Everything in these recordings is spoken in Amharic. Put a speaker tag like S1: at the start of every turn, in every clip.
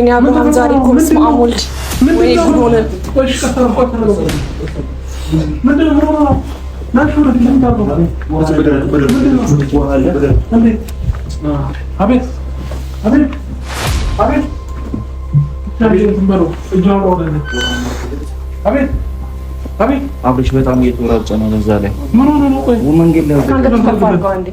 S1: ወይኔ አብርሃም ዛሬ እኮ በስመ አብ ወልድ ወይኔ ጉድ ሆነ።
S2: አብርሽ በጣም እየተወራጨ ነው። በዛ ላይ ምን ሆነ ነው? ቆይ መንገድ
S1: ላይ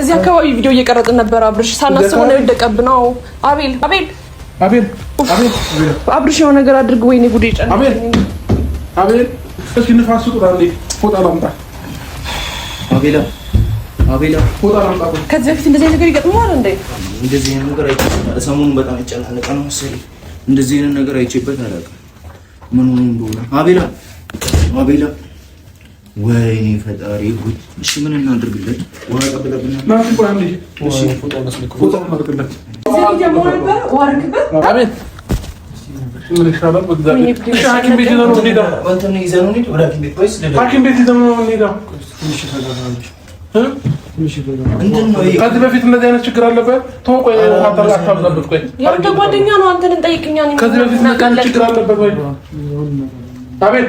S1: እዚህ አካባቢ ቪዲዮ እየቀረጥን ነበር። አብርሽ ሳናስበው ነው የወደቀብን። አቤል አቤል አቤል አብርሽ የሆነ ነገር አድርግ። ወይኔ ጉዴ!
S3: አቤል አቤል፣ እስኪ ንፋስ ስጡት። ፎጣ ላምጣ።
S2: አቤላ አቤላ፣
S3: ፎጣ ላምጣ።
S1: ከዚህ በፊት እንደዚህ ነገር ይገጥመዋል እንዴ?
S2: እንደዚህ ነገር አይቼበታል። ሰሞኑን በጣም ይጨናነቀ ነው መሰለኝ። እንደዚህ ነገር አይቼበት አላውቅም። ምን ሆኖ እንደሆነ አቤላ አቤላ ወይኔ ፈጣሪ ጉድ! እሺ ምን እናድርግለት?
S3: ከዚህ በፊት እንደዚህ አይነት ችግር አለበት። ተወው ቆይ፣ አታብዛበት። ቆይ
S1: ጓደኛ ነው። አንተን እንጠይቅኛ
S3: ከዚህ በፊት ችግር አለበት ወይ? አቤት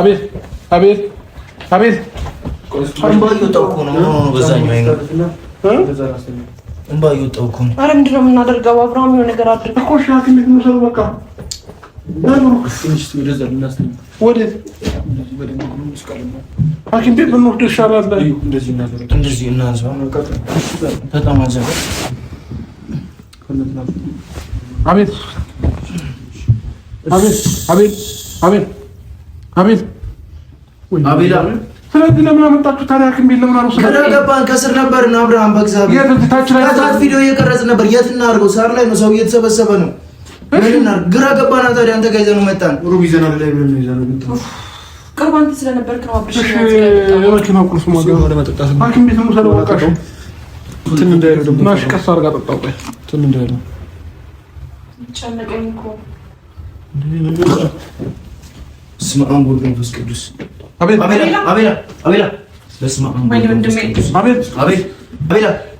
S3: አቤት አቤት አቤት
S2: እንባ እየወጣሁ እኮ ነው።
S1: ኧረ ምንድን ነው የምናደርገው? አብርሃም የሆነ ነገር አድርግ
S3: እኮ አቤት አቤት አቤት አቤል ስለዚህ ለምን አመጣችሁ ታዲያ? ሐኪም ለምን አልወሰዳችሁም?
S2: ገባን። ከስር ነው አብርሃም፣ በእግዚአብሔር ከታች ቪዲዮ እየቀረጽን ነበር። የት እናድርገው? ሳር ላይ ነው፣ ሰው እየተሰበሰበ ነው። ምን ግራ ገባና ታዲያ አንተ ጋር ይዘን መጣን።
S3: ሩብ ይዘን ላይ ብለን ነው ይዘን ነው ስለነበርክ ነው። ማገር ወደ ማሽ ቆይ
S2: በስመ አብ ወወልድ ወመንፈስ ቅዱስ። አቤል አቤል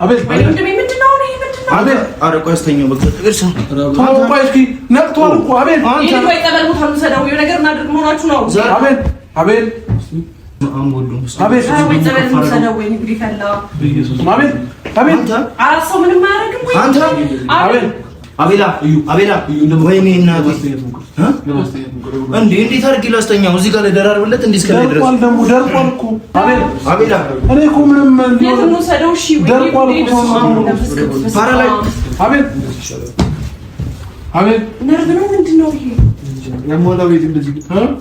S1: አቤል
S2: አቤላ እዩ፣ አቤላ እዩ። ወይኔ እናቴ እንዴት አድርጌ ላስተኛው? እዚህ ጋር ልደራርብለት እንዴ? እስከ
S3: ላይ ድረስ ደርቋል። እኮ
S2: አቤላ፣ እኔ እኮ
S1: ምንም ደርቋል እኮ
S2: ፓራ
S3: አቤል፣ አቤል፣
S1: ነርቭ ነው ምንድን ነው ይሄ?
S3: ያሟላ ቤት እንደዚህ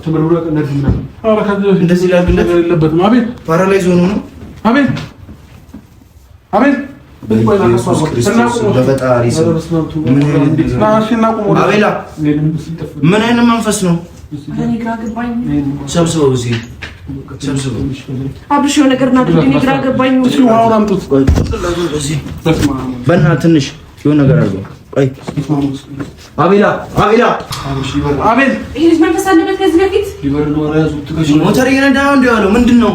S3: ተመርምሮ ነርቭ ምናምን
S2: እንደዚህ ላድርግለት የለበትም። አቤል፣ ፓራላይዝ ሆኖ ነው።
S3: አቤል፣ አቤል በፈጣሪ ስም
S2: ምን አይነት መንፈስ ነው? ሰብስበው እዚህ ሰብስበው
S1: አብሽ የሆነ ነገር እናድርግ።
S2: በእናትህ ትንሽ የሆነ ነገር አድርገው። አቤላ አቤላ
S3: አቤል
S1: ይሄ መንፈስ አለበት። ከዚህ በፊት
S2: ሞተር እየነዳ ነው ያለው ምንድን ነው?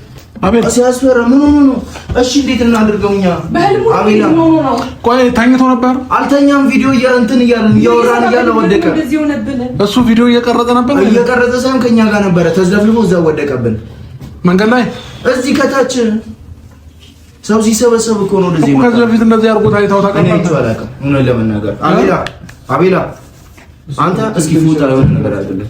S2: አቤል ሲያስፈራ ምን ሆኖ ነው? እሺ እንዴት እናድርገው እኛ?
S1: አቤል
S3: ቆይ ተኝቶ ነበር?
S2: አልተኛም። ቪዲዮ እንትን እያልን እያወራን እያለ ወደቀ።
S3: እሱ ቪዲዮ እየቀረጸ ነበር።
S2: እየቀረጸ ሳይሆን ከኛ ጋር ነበረ። ተዘፍልፎ እዛ ወደቀብን መንገድ ላይ እዚህ ከታች ሰው ሲሰበሰብ እኮ ነው። እንደዚህ
S3: ከዚህ በፊት እንደዚህ አድርጎት አይተኸው
S2: ታውቃለህ? ለመናገር አቤላ፣ አቤላ አንተ እስኪ ፎጣ ለምን ነገር አይደለም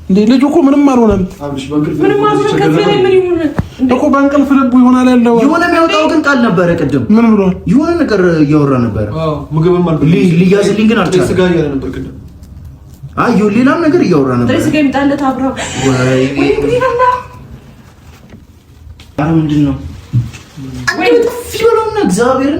S3: እንዴ ልጁ እኮ ምንም አልሆነም እኮ በእንቅልፍ ልቡ ይሆናል ያለው
S2: የሆነ የሚያወጣው ግን ቃል ነበረ ቅድም ምን ብሏል የሆነ ነገር እያወራ ነበረ ልያዝልኝ ግን አልቻለም ሌላም ነገር እያወራ
S1: ነበረ ምንድን ነው እግዚአብሔርን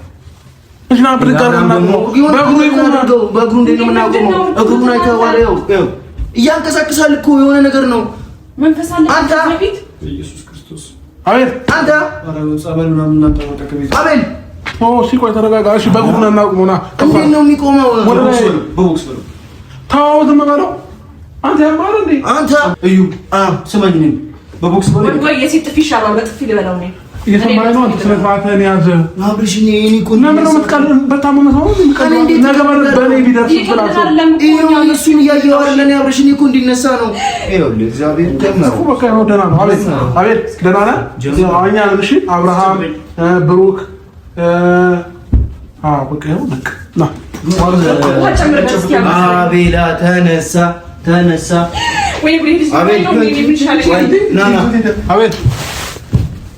S3: እግሩን
S2: አይተኸዋል? እያንቀሳቅሳል እኮ የሆነ ነገር ነው። አንተ አቤል፣ አንተ አቤል፣
S3: ሲቆይ ተረጋጋ። በእግሩን እናቁመውና
S2: እንዴት ነው የሚቆመው?
S3: ተዋውት የምበለው አንተ ያማር እንዴ
S2: አንተ እዩ ስመኝ በቦክስ
S3: እየሰማኸኝ ነው? ስነስርዓትህን ያዘ። አብርሃም፣ ብሩክ
S2: አቤላ ተነሳ፣ ተነሳ። አቤት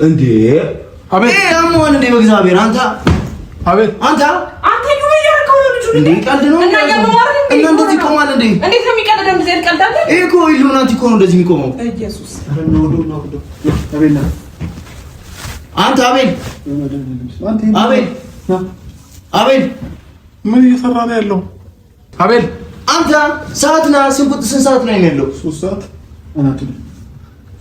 S2: እንዴ አቤት አሞን እንዴ በእግዚአብሔር አንተ
S3: አቤት አንተ
S1: አንተ ነው ያልከው ነው ልጁ እንዴ ቀልድ ነው እና ያለው እንዴ
S2: እና እንደዚህ ቆማል እንዴ
S1: እንዴት ነው የሚቀልደው እንደዚህ ቀልዳለ
S2: ይሄ እኮ ኢሉሚናቲ እኮ ነው እንደዚህ የሚቆመው
S1: ኢየሱስ አረ ነው ነው ነው
S2: አቤት ነው አንተ አቤል አቤል አቤል
S3: ምን እየሰራ ነው ያለው?
S2: አቤል አንተ ሰዓት ና ስንት ሰዓት ነው ያለው?
S3: ሶስት ሰዓት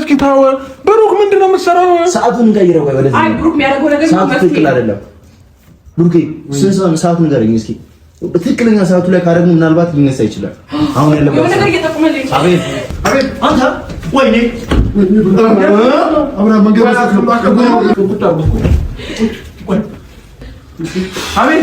S3: እስኪ ታው ብሩክ ምንድን ነው የምትሰራው?
S2: ሰዓቱን እንቀይረው። ወይ ወለዚህ
S1: አይ ብሩክ የሚያደርገው ነገር
S2: ሰዓቱ ትክክል አይደለም። ብሩክ ስንት ሰዓቱ ንገረኝ እስኪ። ትክክለኛ ሰዓቱ ላይ ካደረግን ምናልባት ሊነሳ ይችላል።
S1: አሁን ያለው የሆነ ነገር እየጠቆመልኝ።
S3: አቤት፣ አቤት፣ አንተ ወይኔ አቤት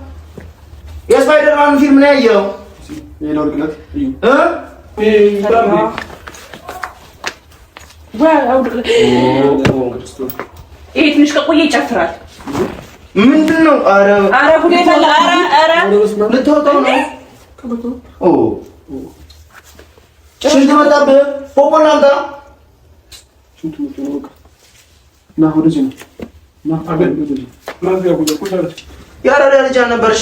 S2: የስፓይደርማን ፊልም ነው ያየኸው?
S1: ይሄ ትንሽ ከቆየ ይጨፍራል።
S2: ምንድን ነው? ኧረ
S1: ኧረ ሁሌ ፈላ ኧረ ኧረ
S2: ልትወጣው ነው። ኦ ሽንት መጣብህ። ፖፖ እናንተ ሽንት መጣ
S3: ነው። በቃ ና ወደዚህ ነው። ና አገር ወደዚህ ና
S2: ያረዳ ልጅ አልነበረሽ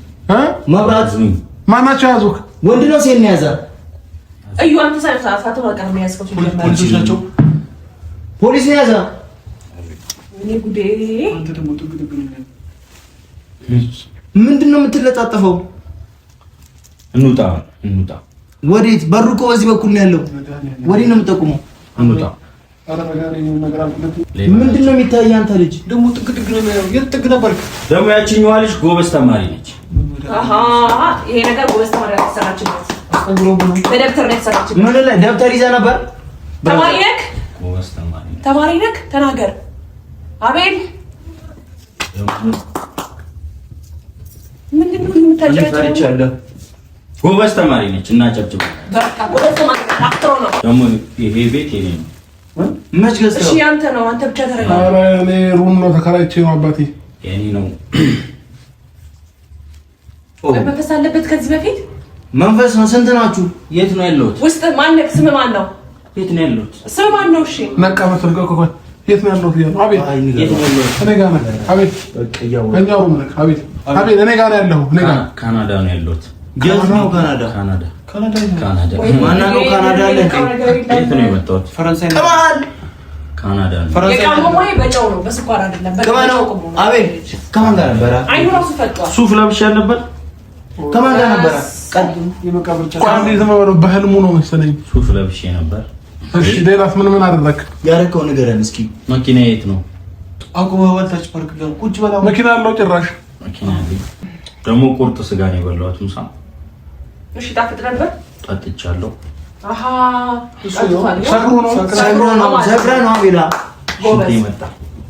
S3: መብራት ማናቸው ያዙህ?
S2: ወንድ ነው ሴት ነው የያዘ? እዩ አንተ ፖሊስ ነው የያዘ። ምንድን ነው የምትለጣጠፈው? እንውጣ እንውጣ። ወዴት? በሩ እኮ በዚህ በኩል ነው ያለው። ወዴት ነው የምትጠቁመው? እንውጣ። ምንድን ነው የሚታይ? አንተ ልጅ ደግሞ ጥግ ጥግ ነው። የት ጥግ ነበርክ ደግሞ? ያችኛዋ ልጅ ጎበዝ ተማሪ ነች።
S1: ይሄ ነገር ጎበዝ ተማሪ አልተሰራችበት። በደብተር ነው የተሰራችበት።
S2: ምን ላይ ደብተር ይዘህ ነበር?
S1: ተማሪ ነክ ተማሪ ነህ፣ ተናገር። አቤል ምንድን ነው
S2: የምታጨበጭበው? ጎበዝ ተማሪ ነች እና ደግሞ ይሄ ቤት የኔ ነው። መች ገዝተው?
S1: እሺ ያንተ ነው። አንተ ብቻ ተረጋጋ።
S3: ኧረ እኔ ሩም ነው ተከራይቼ ነው አባቴ
S2: የኔ ነው።
S1: መንፈስ አለበት። ከዚህ በፊት
S2: መንፈስ ነው። ስንት ናችሁ? የት ነው ያለሁት?
S1: ውስጥ ማን ነው? ስም ማን ነው? የት ነው ያለሁት? ስም ማን ነው? እሺ
S3: መቀመጥ ነው። ቆቆ የት ነው ያለሁት? አቤት፣ የት ነው ያለሁት? እኔ ጋር ነው። አቤት፣ እኛው ነው። አቤት፣ አቤት፣ እኔ ጋር ነው ያለሁት። እኔ ጋር
S2: ካናዳ ነው ያለሁት። የት ነው ካናዳ? ካናዳ፣ ካናዳ። ማን ነው ካናዳ ያለ? የት ነው የመጣሁት? ፈረንሳይ ነው። ካናዳ ነው። ነው፣ ከማን
S1: ጋር
S2: ሱፍ ለብሻ ነበር ከማን ጋር
S3: ነበረ? በህልሙ ነው መሰለኝ
S2: ሱፍ ለብሼ ነበር።
S3: እሺ ሌላስ ምን ምን አደረክ?
S2: ያደረከው ነገር እስኪ መኪና የት ነው?
S3: መኪና አለው ጭራሽ
S2: ደግሞ ቁርጥ ስጋ ነው የበላሁት። ምሳ
S1: እሺ፣ ጣፍጥ ነበር።
S2: ጠጥቻለሁ። አሃ ሰክሮ ነው ሰክሮ ነው ሰክሮ ነው ቤላ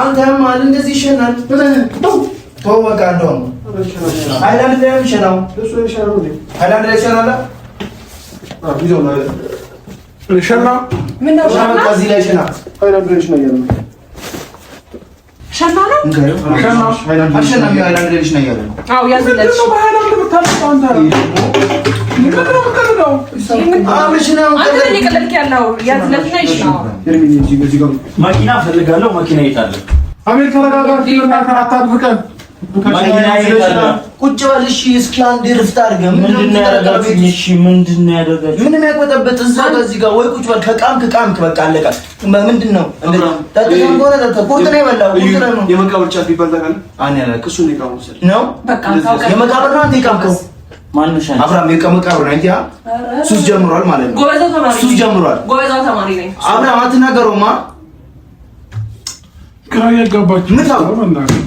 S2: አንተም አለ እንደዚህ ይሸናል። ላይ ይሸናል። ሃይላንድ
S3: ላይ ሸና ምን ነው?
S1: ሸና ነው
S2: አሸናሚ ሃይላንድ ልጅ ነው እያለ
S1: አዎ ያዝለት
S3: ነው በሃይላንድ የምታመጣው አንተ ነው።
S2: መኪና እፈልጋለሁ። መኪና ይጣለ አቤል ቁጭ በል እሺ። እስኪ አንድ እርፍት አድርገ ምንድን ነው እሺ ምንድን ነው ያደረጋችሁኝ? ምንም ያቆጠበት እዛ ጋር ጋር ወይ ቁጭ በል። ከቃምክ ቃምክ፣ በቃ አለቀ። ምንድን ነው
S3: የመቃብር ጫት ቢባል
S2: ታውቃለህ? የመቃብር ነው ሱስ ጀምሯል ማለት
S1: ነው። ሱስ
S2: ጀምሯል። አብራም አትናገረውማ
S3: ግራ ያጋባችሁ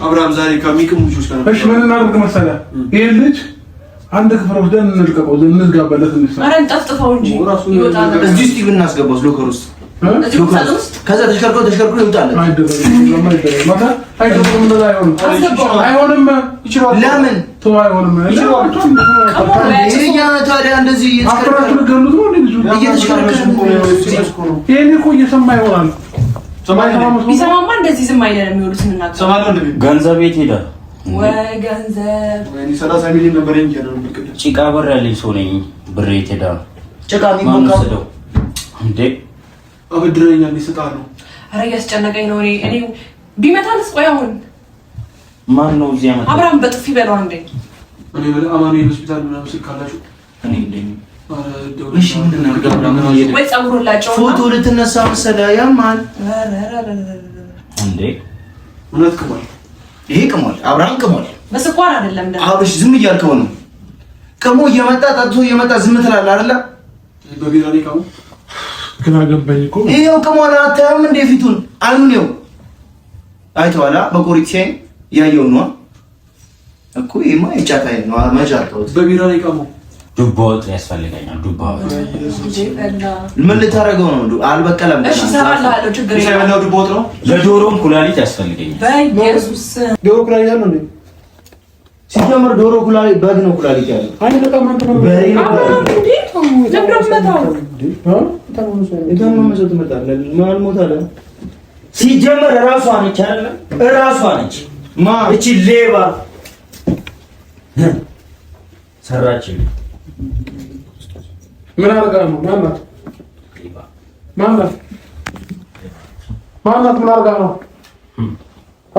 S2: አብርሃም ዛሬ ከሚቅም ልጆች ጋር
S3: እሺ፣ ምን እናድርግ መሰለህ? ይሄ ልጅ አንድ ክፍል ወስደን እንልቀቀው፣ እንዝጋበለት።
S1: እየሰማ ይሆናል ቢሰማማ እንደዚህ ዝም አይደለም የሚወዱት።
S2: ገንዘብ የት ሄደ? ጭቃ ብር ያለኝ ሰው ነኝ። ብር የት ሄደ? ጭቃ የሚወስደው እንዴ?
S3: አበድረኛ ሊስጣሉ።
S1: አረ እያስጨነቀኝ ነው። እኔ እኔ ቢመታልስ? ቆይ አሁን
S2: ማን ነው እዚህ ያመጣ?
S1: አብራም በጥፊ በለው አንዴ።
S3: እኔ አማኑኤል ሆስፒታል ምናምን ስልክ አላችሁ?
S2: እኔ የለኝም ፎቶ ልትነሳ መሰለህ? ያማል እንዴ? እውነት ቅሟል። ይሄ ቅሟል። አብርሃም ቅሟል።
S1: በስኳር አይደለም
S2: ዝም እያልከው ነው። ቅሞ እየመጣ ጠጥቶ እየመጣ ዝም ትላለህ አይደለ?
S3: በቢራ ላይ ቅሞ እኮ
S2: ቅሟል። አታየውም እንዴ? ፊቱን አይኑን ይኸው እኮ። ይሄማ የጫት ነው። አልተውት በቢራ ላይ ቅሞ ዱባ ወጥ ያስፈልገኛል። ዱባ ወጥ ምን ልታደርገው ነው? አልበቀለም። የበላው ዱባ ወጥ ነው። ለዶሮም ኩላሊት ያስፈልገኛል።
S3: ዶሮ ዶሮ ኩላሊት፣ በግ ነው ኩላሊት ያለው።
S2: ሲጀመር እራሷ ነች አለ። እራሷ ነች ማ እቺ ሌባ ሰራችልኝ
S3: ምን አድርጋ ነው? ማናት? ማናት? ማናት? ምን አርጋ ነው?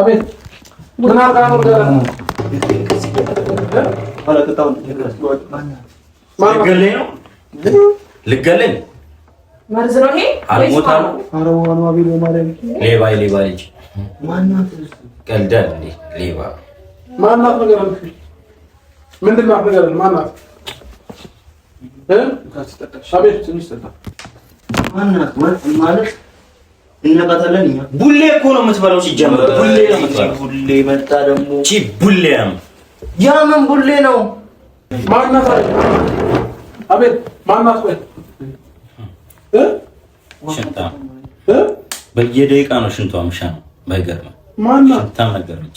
S3: አቤት ምን አድርጋ ነው?
S2: ልገለኝ መርዝ ነው ይሄ። ሌባ ሌባ ልጅ ቀልዳል። ሌባ
S3: ማናት? ነገር ምንድን ናት? ማናት?
S2: ማለት ቡሌ እኮ ነው የምትበላው። ሲጀመር ቡሌ ቡሌ መጣ ደግሞ ቺ ቡሌ ያምን ቡሌ ነው።
S3: ማናት? አቤት ማናት?
S2: በየደቂቃ ነው ሽንቷ ምሻ ነው። ባይገርም ማናት? ሽንታ ነገረች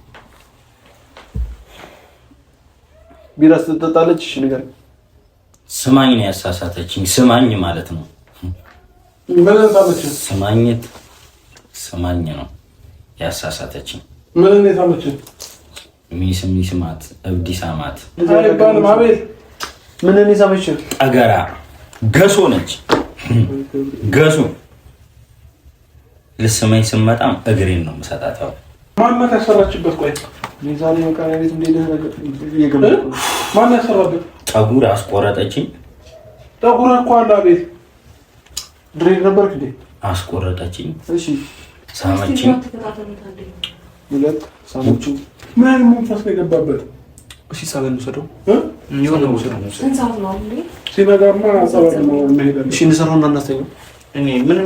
S3: ቢራ ስትጠጣለች? እሺ ንገረኝ።
S2: ስማኝ ነው ያሳሳተችኝ። ስማኝ ማለት ነው ስማኝት ስማኝ ነው ያሳሳተችኝ።
S3: ምን ነው የሳመችኝ?
S2: ሚስ ማት እብድ ሳማት
S3: አይባልም። አቤት ምን ነው የሳመችኝ?
S2: ጠገራ ገሶ ነች። ገሶ ልስመኝ ስመጣም እግሬን ነው የምሰጣት።
S3: ማን ያሰራችበት? ቆይ ዛሬ መቃሚያ ቤት ማን ያሰራበት?
S2: ጠጉር አስቆረጠችኝ።
S3: ጠጉር እኮ አለ ቤት ድሬድ ነበርክ እንዴ?
S2: አስቆረጠችኝ። እሺ ሳመችኝ።
S3: ሁለት ሳመቹ። ምን መንፈስ ነው የገባበት?
S2: እሺ ሳበን ውሰደው። ሲነጋማ እሺ እንሰራውና እናስተኛው እኔ ምንም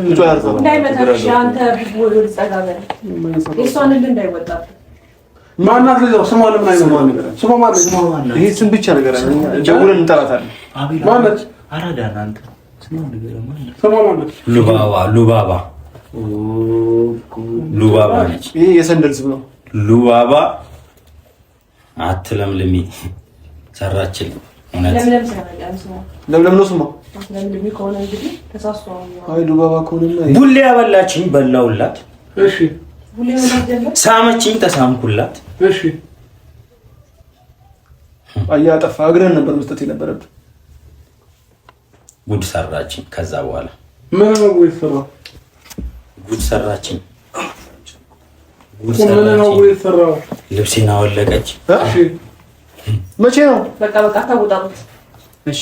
S3: ማናት ልጅ ስሟ ለምን አይሆንም? ስሟ ማለት ስሟ ማለት ይሄ ስም ብቻ ነገር አለ። ደውለን እንጠራታለን። ማለት
S2: አራዳ ናንተ ሉባባ ሉባባ ሉባባ ነች።
S3: ይሄ የሰንደል ስም ነው።
S2: ሉባባ አትለምልሚ ሰራችልኝ።
S1: እውነት
S3: ለምለም ነው ስሟ። አይ ሉባባ ከሆነ
S2: ቡሌ ያበላችኝ በላውላት። እሺ ሳመችኝ፣ ተሳምኩላት።
S3: እሺ አያጠፋ እግረን ነበር መስጠት የነበረብን።
S2: ጉድ ሰራችኝ። ከዛ በኋላ ጉድ ሰራችን። ልብሴን አወለቀች።
S3: መቼ ነው?
S1: በቃ በቃ ታውጣሉት።
S2: እሺ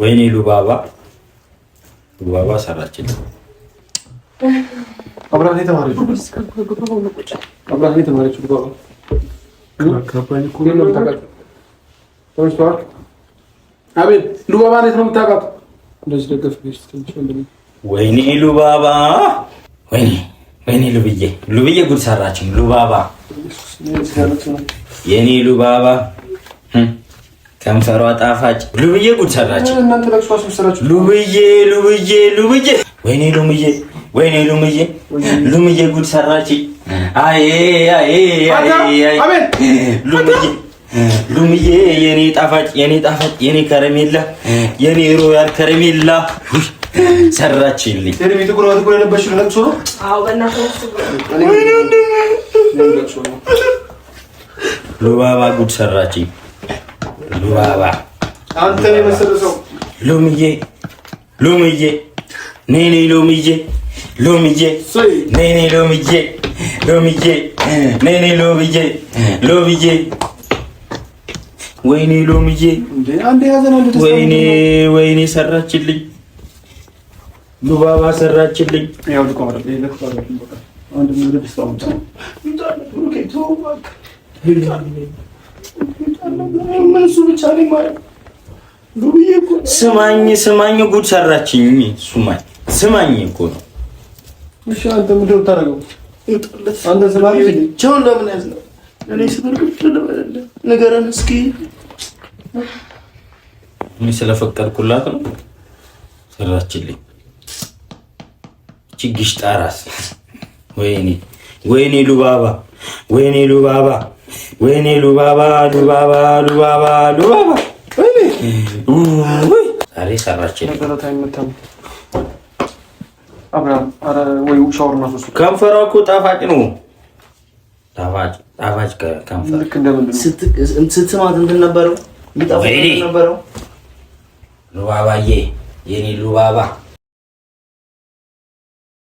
S2: ወይኔ ሉባባ ሉባባ ሰራችን።
S3: አብራኔ ተማሪች ሉባባ ነው የምታውቃት?
S2: ወይኔ ሉባባ ወይኔ ወይኔ ሉብዬ ሉብዬ ጉድ ሰራችን ሉባባ የኔ ሉባባ ከንፈሯ ጣፋጭ ሉብዬ ጉድ ሰራችሁ። ሉብዬ ሉብዬ ሉብዬ ወይኔ ሉምዬ ወይኔ ሉምዬ ሉምዬ ጉድ ሰራች። ሉምዬ ሉምዬ የኔ ጣፋጭ የኔ ጣፋጭ የኔ ከረሜላ የኔ ሮያል ከረሜላ ሰራችልኝ። ሉባባ ጉድ ሰራችኝ። ሉባባ ሎምዬ ሎምዬ ኔኔ ሎምዬ ሎምዬ ኔኔ ሎምዬ ሎምዬ ኔኔ ሎምዬ ሎምዬ ወይኔ ሎምዬ ወይኔ ወይኔ ሰራችልኝ ሉባባ ሰራችልኝ።
S3: እሱ ብቻ ነኝ ማለት
S2: ስማኝ ስማኝ ጉድ ሰራችኝ። ስማኝ ስማኝ እኮ ነው።
S3: እሺ አንተ ምንድን ነው የምታደርገው? አንተ እኔ ንገረን እስኪ።
S2: እኔ ስለፈቀድኩላት ነው ሰራችልኝ። ችግሽ ጣራስ። ወይኔ ወይኔ ሉባባ፣ ወይኔ ሉባባ ወይኔ ሉባባ ሉባባ ሉባባ ሉባባ ዛሬ ሰራችን። ከንፈሯ እኮ ጣፋጭ ነው። ጣፋጭ ከንፈር ስትስማት እንትን ነበረው ሉባባዬ የኔ ሉባባ